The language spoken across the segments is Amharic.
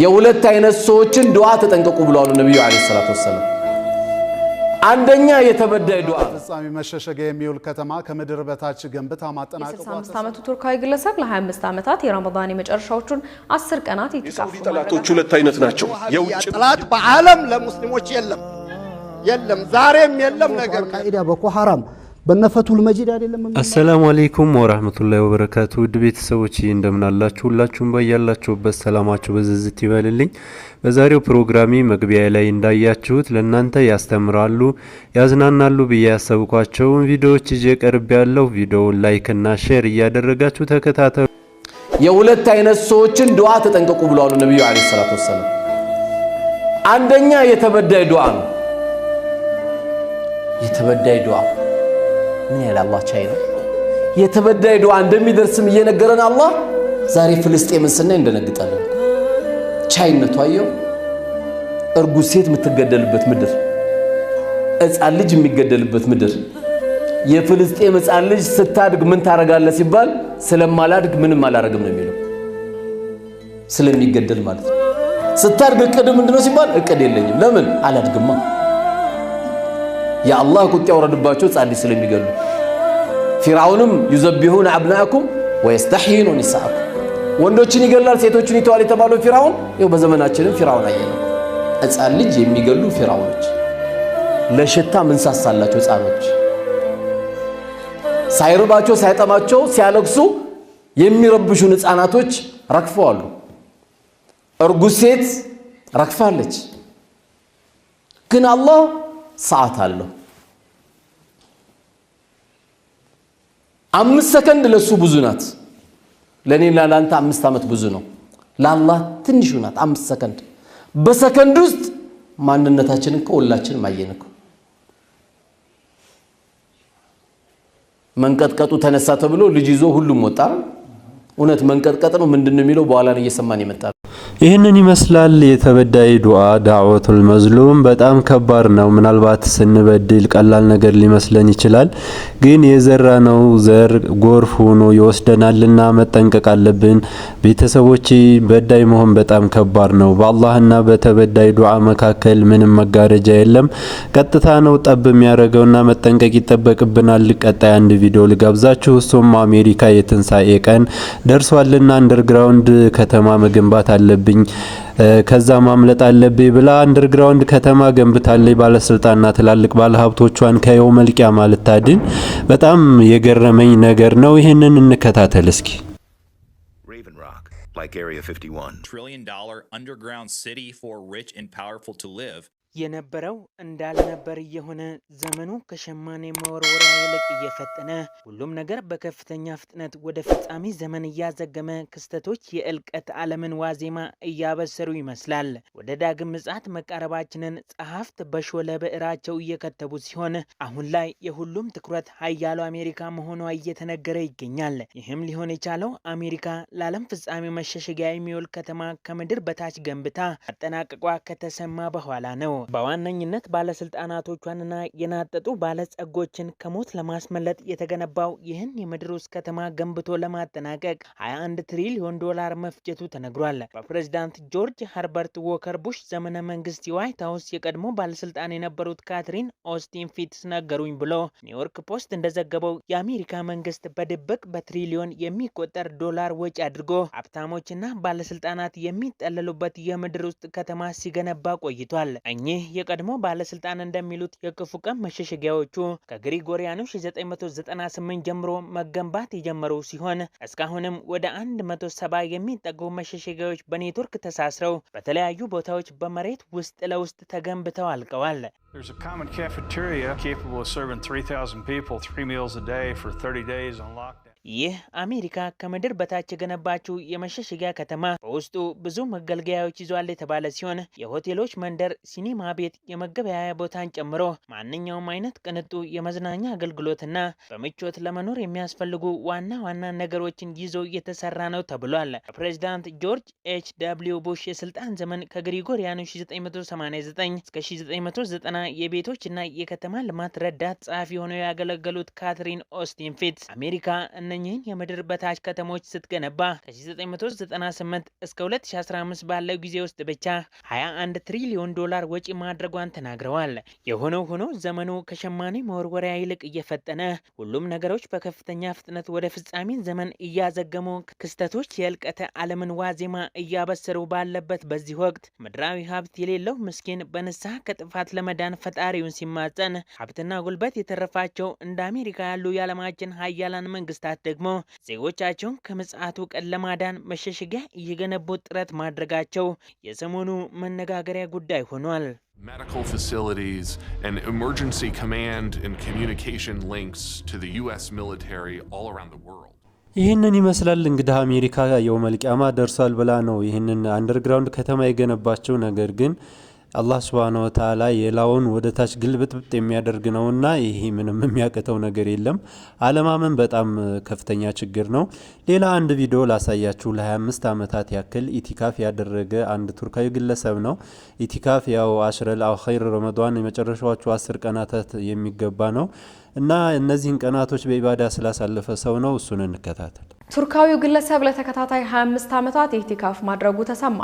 የሁለት አይነት ሰዎችን ዱዓ ተጠንቀቁ ብለዋል ነብዩ አለይሂ ሰላቱ ወሰለም። አንደኛ የተበዳይ ዱዓ ፍጻሜ መሸሸጊያ የሚውል ከተማ ከምድር በታች ገንብታ ማጠናቀቋ 65 ዓመቱ ቱርካዊ ግለሰብ ለ25 ዓመታት የረመዳን የመጨረሻዎቹን 10 ቀናት ይጥቃፉ። ጠላቶች ሁለት አይነት ናቸው። የውጭ ጠላት በዓለም ለሙስሊሞች የለም የለም፣ ዛሬም የለም። ነገር አልቃኢዳ ቦኮ ሐራም በነፈቱል መጂድ አይደለም። አሰላሙ አለይኩም ወራህመቱላሂ ወበረካቱ ውድ ቤተሰቦች እንደምን አላችሁ? ሁላችሁም ባያላችሁበት ሰላማችሁ በዝዝት ይበልልኝ። በዛሬው ፕሮግራሚ መግቢያ ላይ እንዳያችሁት ለእናንተ ያስተምራሉ፣ ያዝናናሉ ብዬ ያሰብኳቸውን ቪዲዮዎች ይዤ ቀርብ ያለው ቪዲዮውን ላይክና ሼር እያደረጋችሁ ተከታተሉ። የሁለት አይነት ሰዎችን ዱዓ ተጠንቀቁ ብለዋል ነብዩ አለይሂ ሰላቱ ወሰለም። አንደኛ የተበዳይ ዱዓ ነው። የተበዳይ ዱዓ ምን ያህል አላህ ቻይ ነው። የተበዳይ ዱዓ እንደሚደርስም እየነገረን አላህ ዛሬ ፍልስጤምን ስናይ እንደነግጣለ ቻይነቱ አየው። እርጉዝ ሴት የምትገደልበት ምድር፣ ሕፃን ልጅ የሚገደልበት ምድር። የፍልስጤም ሕፃን ልጅ ስታድግ ምን ታረጋለህ ሲባል ስለማላድግ ምንም አላረግም ነው የሚለው ስለሚገደል ማለት ነው። ስታድግ እቅድ ምንድነው ሲባል እቅድ የለኝም። ለምን አላድግማ የአላህ ቁጣ ያወረድባቸው ጻድቅ ስለሚገሉ ፊርዓውንም ዩዘቢሁን አብናአኩም ወየስተሕይኑ ኒሳአኩም ወንዶችን ይገላል ሴቶችን ይተዋል የተባለው ፊርዓውን ይኸው በዘመናችንም ፊርዓውን አየነው። ሕፃን ልጅ የሚገሉ ፊርዓውኖች ለሽታ ምንሳሳላቸው ሕፃኖች ሳይርባቸው ሳይጠማቸው ሲያለቅሱ የሚረብሹን ሕፃናቶች ረግፈዋሉ። እርጉዝ ሴት ረክፋለች ግን አላህ ሰዓት አለው። አምስት ሰከንድ ለሱ ብዙ ናት። ለእኔና ለአንተ አምስት ዓመት ብዙ ነው። ለአላህ ትንሹ ናት። አምስት ሰከንድ በሰከንድ ውስጥ ማንነታችንን ከሁላችን ማየን እኮ መንቀጥቀጡ ተነሳ ተብሎ ልጅ ይዞ ሁሉም ወጣ። እውነት መንቀጥቀጥ ነው ምንድን ነው የሚለው በኋላን እየሰማን የመጣ ይህንን ይመስላል የተበዳይ ዱዓ ዳዕወቱል መዝሉም። በጣም ከባድ ነው። ምናልባት ስንበድል ቀላል ነገር ሊመስለን ይችላል፣ ግን የዘራነው ዘር ጎርፍ ሆኖ ይወስደናልና መጠንቀቅ አለብን። ቤተሰቦች በዳይ መሆን በጣም ከባድ ነው። በአላህና በተበዳይ ዱዓ መካከል ምንም መጋረጃ የለም። ቀጥታ ነው ጠብ የሚያደርገውና መጠንቀቅ ይጠበቅብናል። ቀጣይ አንድ ቪዲዮ ልጋብዛችሁ። እሱም አሜሪካ የትንሳኤ ቀን ደርሷልና አንደርግራውንድ ከተማ መገንባት አለ አለብኝ፣ ከዛ ማምለጥ አለብኝ ብላ አንደርግራውንድ ከተማ ገንብታለች። ባለስልጣንና ትላልቅ ባለሀብቶቿን ከየው መልቂያ ማልታድን በጣም የገረመኝ ነገር ነው። ይህንን እንከታተል እስኪ። Like Area 51. Trillion dollar underground city for rich and powerful to live. የነበረው እንዳልነበር እየሆነ ዘመኑ ከሸማኔ መወርወሪያ ይልቅ እየፈጠነ ሁሉም ነገር በከፍተኛ ፍጥነት ወደ ፍጻሜ ዘመን እያዘገመ ክስተቶች የእልቀት ዓለምን ዋዜማ እያበሰሩ ይመስላል። ወደ ዳግም ምጽአት መቃረባችንን ጸሐፍት በሾለ ብዕራቸው እየከተቡ ሲሆን አሁን ላይ የሁሉም ትኩረት ሀያሉ አሜሪካ መሆኗ እየተነገረ ይገኛል። ይህም ሊሆን የቻለው አሜሪካ ለዓለም ፍጻሜ መሸሸጊያ የሚውል ከተማ ከምድር በታች ገንብታ አጠናቀቋ ከተሰማ በኋላ ነው። በዋነኝነት ባለስልጣናቶቿንና የናጠጡ ባለጸጎችን ከሞት ለማስመለጥ የተገነባው ይህን ውስጥ ከተማ ገንብቶ ለማጠናቀቅ 21 ትሪሊዮን ዶላር መፍጀቱ ተነግሯል። በፕሬዚዳንት ጆርጅ ሀርበርት ዎከር ቡሽ ዘመነ መንግስት የዋይት ሀውስ የቀድሞ ባለስልጣን የነበሩት ካትሪን ኦስቲን ፊትስ ነገሩኝ ብሎ ኒውዮርክ ፖስት እንደዘገበው የአሜሪካ መንግስት በድብቅ በትሪሊዮን የሚቆጠር ዶላር ወጪ አድርጎ ሀብታሞችና ባለስልጣናት የሚጠለሉበት የምድር ውስጥ ከተማ ሲገነባ ቆይቷል። እኚህ እኚህ የቀድሞ ባለስልጣን እንደሚሉት የክፉ ቀን መሸሸጊያዎቹ ከግሪጎሪያኑ 1998 ጀምሮ መገንባት የጀመሩ ሲሆን እስካሁንም ወደ 170 የሚጠጉ መሸሸጊያዎች በኔትወርክ ተሳስረው በተለያዩ ቦታዎች በመሬት ውስጥ ለውስጥ ተገንብተው አልቀዋል። There's a ይህ አሜሪካ ከምድር በታች የገነባችው የመሸሸጊያ ከተማ በውስጡ ብዙ መገልገያዎች ይዟል የተባለ ሲሆን የሆቴሎች መንደር፣ ሲኒማ ቤት፣ የመገበያያ ቦታን ጨምሮ ማንኛውም አይነት ቅንጡ የመዝናኛ አገልግሎትና በምቾት ለመኖር የሚያስፈልጉ ዋና ዋና ነገሮችን ይዞ የተሰራ ነው ተብሏል። ፕሬዚዳንት ጆርጅ ኤች ደብሊው ቡሽ የስልጣን ዘመን ከግሪጎሪያኑ 1989 እስከ 1990 የቤቶችና የከተማ ልማት ረዳት ጸሐፊ ሆነው ያገለገሉት ካትሪን ኦስቲን ፊት አሜሪካ እነኚህን የምድር በታች ከተሞች ስትገነባ ከ1998 እስከ 2015 ባለው ጊዜ ውስጥ ብቻ 21 ትሪሊዮን ዶላር ወጪ ማድረጓን ተናግረዋል። የሆነው ሆኖ ዘመኑ ከሸማኔ መወርወሪያ ይልቅ እየፈጠነ ሁሉም ነገሮች በከፍተኛ ፍጥነት ወደ ፍጻሜ ዘመን እያዘገሙ ክስተቶች የእልቀተ ዓለምን ዋዜማ እያበሰሩ ባለበት በዚህ ወቅት ምድራዊ ሀብት የሌለው ምስኪን በንስሐ ከጥፋት ለመዳን ፈጣሪውን ሲማጸን ሀብትና ጉልበት የተረፋቸው እንደ አሜሪካ ያሉ የዓለማችን ሀያላን መንግስታት ደግሞ ዜጎቻቸውን ከምጽአቱ ቀን ለማዳን መሸሸጊያ እየገነቡት ጥረት ማድረጋቸው የሰሞኑ መነጋገሪያ ጉዳይ ሆኗል። medical facilities and emergency command and communication links to the U.S. military all around the world. ይህንን ይመስላል እንግዲህ አሜሪካ የውመልቂያማ ደርሷል ብላ ነው ይህንን አንደርግራውንድ ከተማ የገነባቸው ነገር ግን አላህ ስብሃነ ወተዓላ የላውን ወደ ታች ግልብጥብጥ የሚያደርግ ነውና ይህ ምንም የሚያቅተው ነገር የለም። አለማመን በጣም ከፍተኛ ችግር ነው። ሌላ አንድ ቪዲዮ ላሳያችሁ። ለ25 ዓመታት ያክል ኢቲካፍ ያደረገ አንድ ቱርካዊ ግለሰብ ነው። ኢቲካፍ ያው አሽረል አኺር ረመዷን የመጨረሻዎቹ አስር ቀናታት የሚገባ ነው እና እነዚህን ቀናቶች በኢባዳ ስላሳለፈ ሰው ነው። እሱን እንከታተል። ቱርካዊው ግለሰብ ለተከታታይ 25 ዓመታት ኢዕቲካፍ ማድረጉ ተሰማ።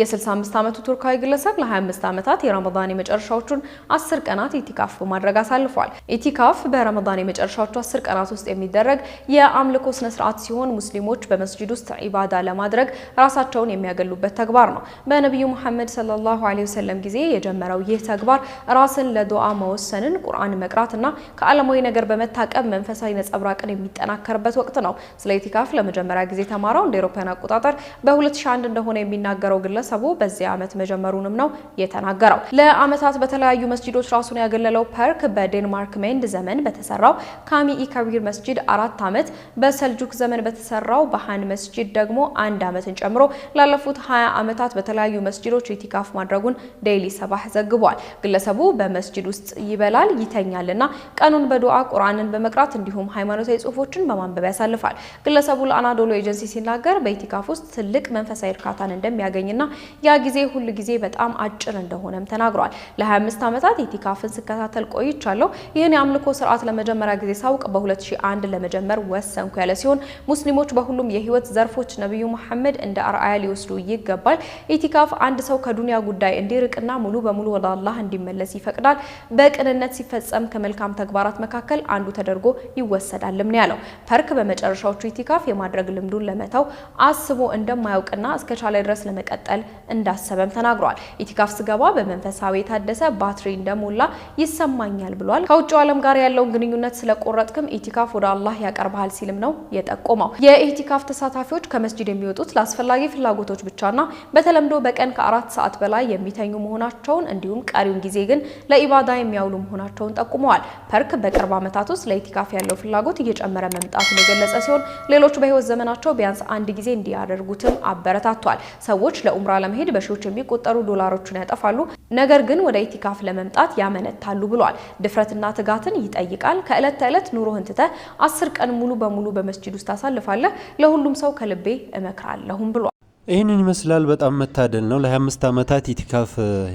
የ65 ዓመቱ ቱርካዊ ግለሰብ ለ25 ዓመታት የረመዳን የመጨረሻዎቹን 10 ቀናት ኢዕቲካፍ በማድረግ አሳልፏል። ኢዕቲካፍ በረመዳን የመጨረሻዎቹ 10 ቀናት ውስጥ የሚደረግ የአምልኮ ስነ ስርዓት ሲሆን ሙስሊሞች በመስጂድ ውስጥ ኢባዳ ለማድረግ ራሳቸውን የሚያገሉበት ተግባር ነው። በነቢዩ መሐመድ ሰለላሁ ዐለይሂ ወሰለም ጊዜ የጀመረው ይህ ተግባር ራስን ለዱዓ መወሰንን፣ ቁርአን መቅራትና ከዓለማዊ ነገር በመታቀብ መንፈሳዊ ነጸብራቅን የሚጠናከርበት ወቅት ነው። ስለ ኢዕቲካፍ ለመጀመሪያ ጊዜ የተማረው እንደ ኤሮፓያን አቆጣጠር በ2001 እንደሆነ የሚናገረው ግለሰቡ በዚህ ዓመት መጀመሩንም ነው የተናገረው። ለዓመታት በተለያዩ መስጂዶች ራሱን ያገለለው ፐርክ በዴንማርክ ሜንድ ዘመን በተሰራው ካሚ ኢከቢር መስጂድ አራት ዓመት፣ በሰልጁክ ዘመን በተሰራው በሃን መስጂድ ደግሞ አንድ ዓመትን ጨምሮ ላለፉት 20 ዓመታት በተለያዩ መስጂዶች ኢቲካፍ ማድረጉን ዴይሊ ሰባህ ዘግቧል። ግለሰቡ በመስጂድ ውስጥ ይበላል፣ ይተኛልና ቀኑን በዱዓ ቁርአንን በመቅራት እንዲሁም ሃይማኖታዊ ጽሁፎችን በማንበብ ያሳልፋል። ግለሰቡ ቡል ለአናዶሎ ኤጀንሲ ሲናገር በኢቲካፍ ውስጥ ትልቅ መንፈሳዊ እርካታን እንደሚያገኝና ያ ጊዜ ሁል ጊዜ በጣም አጭር እንደሆነም ተናግሯል። ለ25 ዓመታት ኢቲካፍን ስከታተል ቆይቻለሁ። ይህን የአምልኮ ስርዓት ለመጀመሪያ ጊዜ ሳውቅ በ2001 ለመጀመር ወሰንኩ ያለ ሲሆን ሙስሊሞች በሁሉም የህይወት ዘርፎች ነቢዩ መሐመድ እንደ አርአያ ሊወስዱ ይገባል። ኢቲካፍ አንድ ሰው ከዱንያ ጉዳይ እንዲርቅና ሙሉ በሙሉ ወደ አላህ እንዲመለስ ይፈቅዳል። በቅንነት ሲፈጸም ከመልካም ተግባራት መካከል አንዱ ተደርጎ ይወሰዳልም ነው ያለው። ፐርክ በመጨረሻዎቹ ኢቲካፍ የማድረግ ልምዱን ለመተው አስቦ እንደማያውቅና እስከቻለ ድረስ ለመቀጠል እንዳሰበም ተናግሯል። ኢቲካፍ ስገባ በመንፈሳዊ የታደሰ ባትሪ እንደሞላ ይሰማኛል ብሏል። ከውጭው ዓለም ጋር ያለውን ግንኙነት ስለቆረጥክም ኢቲካፍ ወደ አላህ ያቀርባል ሲልም ነው የጠቆመው። የኢቲካፍ ተሳታፊዎች ከመስጂድ የሚወጡት ለአስፈላጊ ፍላጎቶች ብቻና በተለምዶ በቀን ከአራት ሰዓት በላይ የሚተኙ መሆናቸውን እንዲሁም ቀሪውን ጊዜ ግን ለኢባዳ የሚያውሉ መሆናቸውን ጠቁመዋል። ፐርክ በቅርብ ዓመታት ውስጥ ለኢቲካፍ ያለው ፍላጎት እየጨመረ መምጣቱን የገለጸ ሲሆን ሌሎች ብዙዎቹ በህይወት ዘመናቸው ቢያንስ አንድ ጊዜ እንዲያደርጉትም አበረታቷል። ሰዎች ለኡምራ ለመሄድ በሺዎች የሚቆጠሩ ዶላሮችን ያጠፋሉ፣ ነገር ግን ወደ ኢቲካፍ ለመምጣት ያመነታሉ ብሏል። ድፍረትና ትጋትን ይጠይቃል። ከዕለት ተዕለት ኑሮህን ትተህ አስር ቀን ሙሉ በሙሉ በመስጂድ ውስጥ ታሳልፋለህ። ለሁሉም ሰው ከልቤ እመክራለሁም ብሏል። ይህንን ይመስላል። በጣም መታደል ነው። ለ25 ዓመታት ኢቲካፍ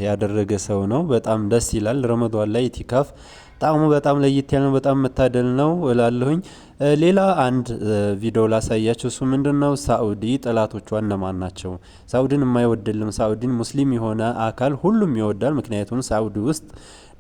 ያደረገ ሰው ነው። በጣም ደስ ይላል። ረመዷን ላይ ኢቲካፍ ጣዕሙ በጣም ለየት ያለ ነው። በጣም መታደል ነው እላለሁኝ። ሌላ አንድ ቪዲዮ ላሳያችሁ። እሱ ምንድን ነው? ሳኡዲ ጠላቶቿ እነማን ናቸው? ሳኡዲን የማይወድልም ሳኡዲን ሙስሊም የሆነ አካል ሁሉም ይወዳል። ምክንያቱም ሳኡዲ ውስጥ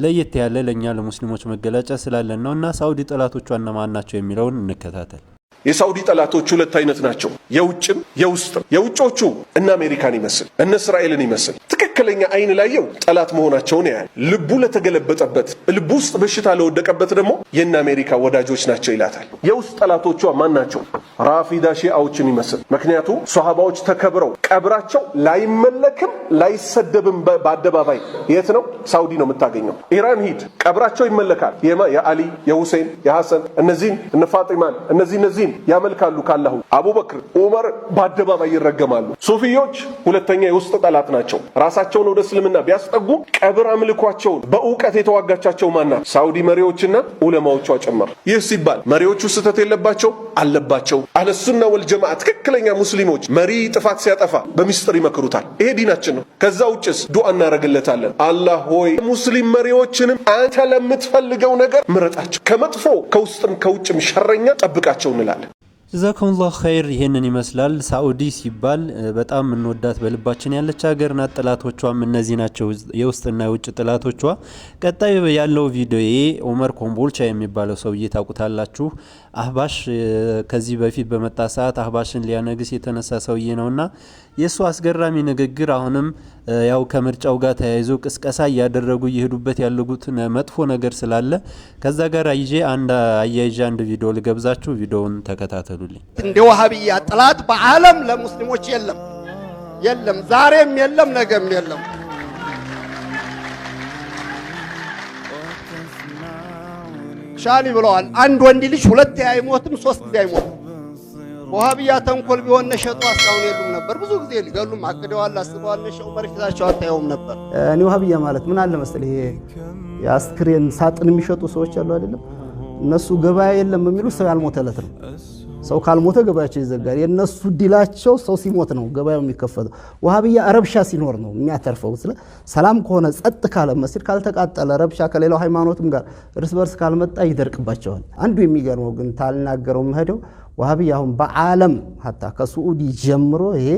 ለየት ያለ ለእኛ ለሙስሊሞች መገለጫ ስላለን ነው። እና ሳኡዲ ጠላቶቿ እነማን ናቸው የሚለውን እንከታተል። የሳውዲ ጠላቶች ሁለት አይነት ናቸው፣ የውጭም የውስጥም። የውጮቹ እነ አሜሪካን ይመስል እነ እስራኤልን ይመስል ትክክለኛ አይን ላየው ጠላት መሆናቸውን ያያል። ልቡ ለተገለበጠበት ልቡ ውስጥ በሽታ ለወደቀበት ደግሞ የእነ አሜሪካ ወዳጆች ናቸው ይላታል። የውስጥ ጠላቶቿ ማን ናቸው? ራፊዳ ሺአዎችን ይመስል ምክንያቱም ሶሃባዎች ተከብረው ቀብራቸው ላይመለክም ላይሰደብም በአደባባይ የት ነው? ሳውዲ ነው የምታገኘው። ኢራን ሂድ ቀብራቸው ይመለካል። የአሊ የሁሴን የሐሰን እነዚህን እነ ፋጢማን እነዚህ እነዚህን ያመልካሉ ካላሁ አቡበክር፣ ዑመር በአደባባይ ይረገማሉ። ሱፊዮች ሁለተኛ የውስጥ ጠላት ናቸው። ራሳቸውን ወደ እስልምና ቢያስጠጉ ቀብር አምልኳቸውን በእውቀት የተዋጋቻቸው ማናት? ሳውዲ መሪዎችና ዑለማዎቿ ጭምር። ይህ ሲባል መሪዎቹ ስህተት የለባቸው አለባቸው። አለሱና ወልጀማዓ ትክክለኛ ሙስሊሞች መሪ ጥፋት ሲያጠፋ በሚስጥር ይመክሩታል። ይሄ ዲናችን ነው። ከዛ ውጭስ ዱዓ እናደርግለታለን። አላህ ሆይ ሙስሊም መሪዎችንም አንተ ለምትፈልገው ነገር ምረጣቸው፣ ከመጥፎ ከውስጥም ከውጭም ሸረኛ ጠብቃቸው እንላለን። ጀዛኩሙላሁ ኸይር። ይህንን ይመስላል። ሳኡዲ ሲባል በጣም የምንወዳት በልባችን ያለች ሀገር ናት። ጥላቶቿም እነዚህ ናቸው፣ የውስጥና የውጭ ጥላቶቿ። ቀጣይ ያለው ቪዲዮ ኦመር ኮምቦልቻ የሚባለው ሰውዬ ታውቁታላችሁ። አህባሽ ከዚህ በፊት በመጣ ሰዓት አህባሽን ሊያነግስ የተነሳ ሰውዬ ነውና የእሱ አስገራሚ ንግግር አሁንም ያው ከምርጫው ጋር ተያይዞ ቅስቀሳ እያደረጉ እየሄዱበት ያለጉት መጥፎ ነገር ስላለ ከዛ ጋር ይዤ አንድ አያይዤ አንድ ቪዲዮ ልገብዛችሁ። ቪዲዮውን ተከታተሉ። ውሰዱልኝ። እንደ ዋሃብያ ጥላት በዓለም ለሙስሊሞች የለም የለም፣ ዛሬም የለም፣ ነገም የለም። ሻሊ ብለዋል። አንድ ወንድ ልጅ ሁለት አይሞትም፣ ሶስት ጊዜ አይሞትም። በዋሃብያ ተንኮል ቢሆን ነሸጡ አስካሁን የሉም ነበር። ብዙ ጊዜ ሊገሉም አቅደዋል፣ አስበዋል። ነሸው መርፊታቸው አታየውም ነበር። እኔ ዋሃብያ ማለት ምን አለ መሰለህ፣ ይሄ የአስክሬን ሳጥን የሚሸጡ ሰዎች አሉ አይደለም? እነሱ ገበያ የለም የሚሉ ሰው ያልሞተለት ነው ሰው ካልሞተ ገበያቸው ይዘጋል። የእነሱ ዲላቸው ሰው ሲሞት ነው ገበያው የሚከፈተው። ወሃብያ ረብሻ ሲኖር ነው የሚያተርፈው። ስለ ሰላም ከሆነ ጸጥ ካለ መስጊድ ካልተቃጠለ ረብሻ ከሌላው ሃይማኖትም ጋር እርስ በርስ ካልመጣ ይደርቅባቸዋል። አንዱ የሚገርመው ግን ታልናገረው መሄደው ወሃብያ አሁን በዓለም ሀታ ከስዑዲ ጀምሮ ይሄ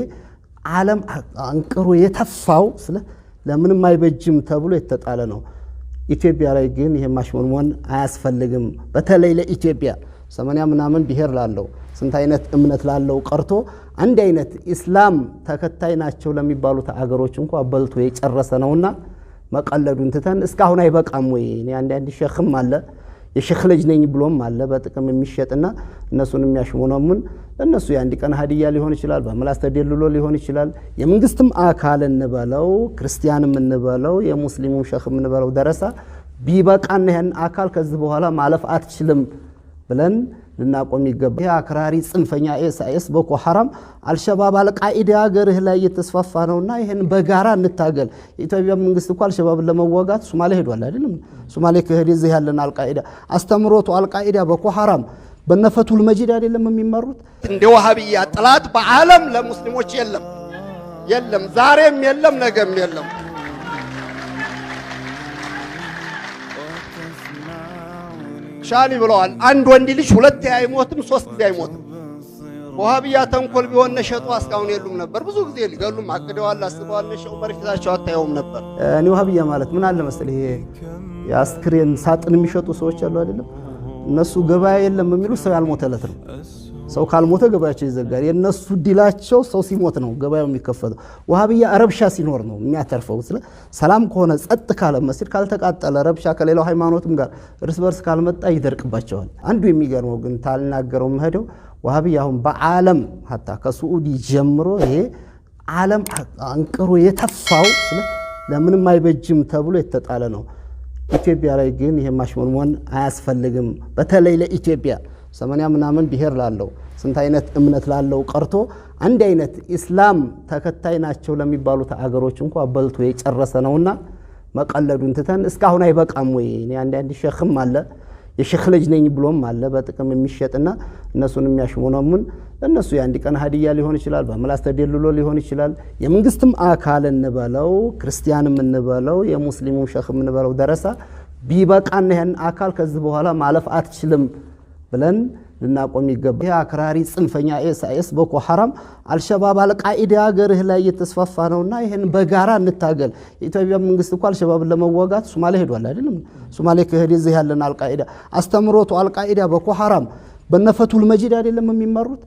ዓለም አንቅሮ የተፋው ስለ ለምንም አይበጅም ተብሎ የተጣለ ነው። ኢትዮጵያ ላይ ግን ይሄ ማሽሞንሞን አያስፈልግም፣ በተለይ ለኢትዮጵያ ሰማንያ ምናምን ብሔር ላለው ስንት አይነት እምነት ላለው ቀርቶ አንድ አይነት ኢስላም ተከታይ ናቸው ለሚባሉት አገሮች እንኳ በልቶ የጨረሰ ነውና መቀለዱን ትተን እስካሁን አይበቃም ወይ? እኔ አንድ ሸክም አለ የሸክ ልጅ ነኝ ብሎም አለ በጥቅም የሚሸጥና እነሱን የሚያሽሙነሙን እነሱ የአንድ ቀን ሀዲያ ሊሆን ይችላል፣ በምላስ ተደልሎ ሊሆን ይችላል። የመንግስትም አካል እንበለው ክርስቲያንም እንበለው የሙስሊሙም ሸክም እንበለው ደረሳ ቢበቃና ይህን አካል ከዚህ በኋላ ማለፍ አትችልም ብለን ልናቆም ይገባል። ይህ አክራሪ ጽንፈኛ ኤስአኤስ፣ ቦኮ ሐራም፣ አልሸባብ፣ አልቃኢዳ ሀገርህ ላይ እየተስፋፋ ነውና ይህን በጋራ እንታገል። የኢትዮጵያ መንግስት እኮ አልሸባብን ለመዋጋት ሶማሌ ሄዷል አይደለም? ሶማሌ ክህድ ዚህ ያለን አልቃኢዳ አስተምሮቱ አልቃኢዳ ቦኮ ሐራም በነፈቱል መጂድ አይደለም የሚመሩት። እንደ ዋሃብያ ጥላት በዓለም ለሙስሊሞች የለም የለም፣ ዛሬም የለም፣ ነገም የለም። ሻሊ ብለዋል። አንድ ወንድ ልጅ ሁለት አይሞትም፣ ሶስት ጊዜ አይሞትም። ወሃብያ ተንኮል ቢሆን ነሸጡ እስካሁን የሉም ነበር። ብዙ ጊዜ ሊገሉም አቅደዋል፣ አስበዋል። ነሸጡ በርፊታቸው አታየውም ነበር። እኔ ወሃብያ ማለት ምን አለ መሰለህ ይሄ የአስክሬን ሳጥን የሚሸጡ ሰዎች አሉ አይደለም? እነሱ ገበያ የለም የሚሉ ሰው ያልሞተለት ነው ሰው ካልሞተ ገበያቸው ይዘጋል። የእነሱ ዲላቸው ሰው ሲሞት ነው ገበያው የሚከፈተው። ውሃብያ ረብሻ ሲኖር ነው የሚያተርፈው። ስለ ሰላም ከሆነ ጸጥ ካለ መስጊድ ካልተቃጠለ፣ ረብሻ ከሌላው ሃይማኖትም ጋር እርስ በርስ ካልመጣ ይደርቅባቸዋል። አንዱ የሚገርመው ግን ታልናገረው መሄደው ውሃብያ አሁን በዓለም ሀታ ከስዑዲ ጀምሮ ይሄ ዓለም አንቅሮ የተፋው ለምንም አይበጅም ተብሎ የተጣለ ነው። ኢትዮጵያ ላይ ግን ይሄ ማሽሞንሞን አያስፈልግም፣ በተለይ ለኢትዮጵያ ሰማንያ ምናምን ብሔር ላለው ስንት አይነት እምነት ላለው ቀርቶ አንድ አይነት ኢስላም ተከታይ ናቸው ለሚባሉት አገሮች እንኳ በልቶ የጨረሰ ነውና መቀለዱን ትተን እስካሁን አይበቃም ወይ? አንዳንድ ሸክም አለ የሸክ ልጅ ነኝ ብሎም አለ በጥቅም የሚሸጥና እነሱን የሚያሽሙነሙን እነሱ የአንድ ቀን ሀዲያ ሊሆን ይችላል፣ በምላስ ተደልሎ ሊሆን ይችላል። የመንግስትም አካል እንበለው ክርስቲያንም እንበለው የሙስሊሙም ሸክም እንበለው ደረሳ ቢበቃና ይህን አካል ከዚህ በኋላ ማለፍ አትችልም ብለን ልናቆም ይገባል። ይህ አክራሪ ጽንፈኛ ኤስአኤስ፣ ቦኮ ሐራም፣ አልሸባብ፣ አልቃኢዳ ሀገርህ ላይ እየተስፋፋ ነውና ይህን በጋራ እንታገል። የኢትዮጵያ መንግስት እኮ አልሸባብን ለመዋጋት ሶማሌ ሄዷል አይደለም? ሶማሌ ከሄድ እዚህ ያለን አልቃኢዳ አስተምሮቱ አልቃኢዳ ቦኮ ሐራም በነፈቱል መጂድ አይደለም የሚመሩት